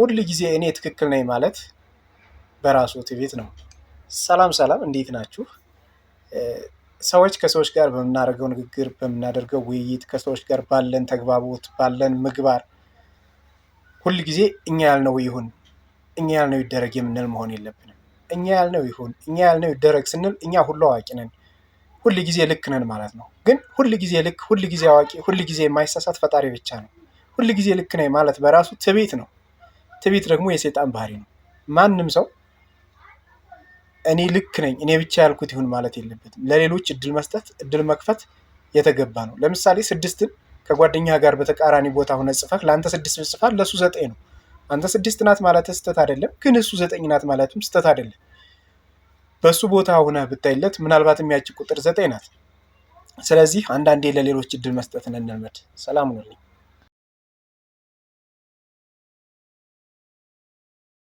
ሁል ጊዜ እኔ ትክክል ነኝ ማለት በራሱ ትቤት ነው። ሰላም ሰላም፣ እንዴት ናችሁ? ሰዎች ከሰዎች ጋር በምናደርገው ንግግር፣ በምናደርገው ውይይት፣ ከሰዎች ጋር ባለን ተግባቦት፣ ባለን ምግባር ሁል ጊዜ እኛ ያልነው ይሁን፣ እኛ ያልነው ይደረግ የምንል መሆን የለብንም። እኛ ያልነው ይሁን፣ እኛ ያልነው ይደረግ ስንል እኛ ሁሉ አዋቂ ነን፣ ሁል ጊዜ ልክ ነን ማለት ነው። ግን ሁል ጊዜ ልክ፣ ሁል ጊዜ አዋቂ፣ ሁል ጊዜ የማይሳሳት ፈጣሪ ብቻ ነው። ሁል ጊዜ ልክ ነኝ ማለት በራሱ ትቤት ነው። ትዕቢት ደግሞ የሴጣን ባህሪ ነው። ማንም ሰው እኔ ልክ ነኝ እኔ ብቻ ያልኩት ይሁን ማለት የለበትም። ለሌሎች እድል መስጠት እድል መክፈት የተገባ ነው። ለምሳሌ ስድስትን ከጓደኛ ጋር በተቃራኒ ቦታ ሆነ ጽፈህ ለአንተ ስድስት ብጽፋት ለእሱ ዘጠኝ ነው። አንተ ስድስት ናት ማለት ስህተት አይደለም፣ ግን እሱ ዘጠኝ ናት ማለትም ስህተት አይደለም። በእሱ ቦታ ሆነ ብታይለት ምናልባት የሚያጭ ቁጥር ዘጠኝ ናት። ስለዚህ አንዳንዴ ለሌሎች እድል መስጠት እንልመድ። ሰላም ነው።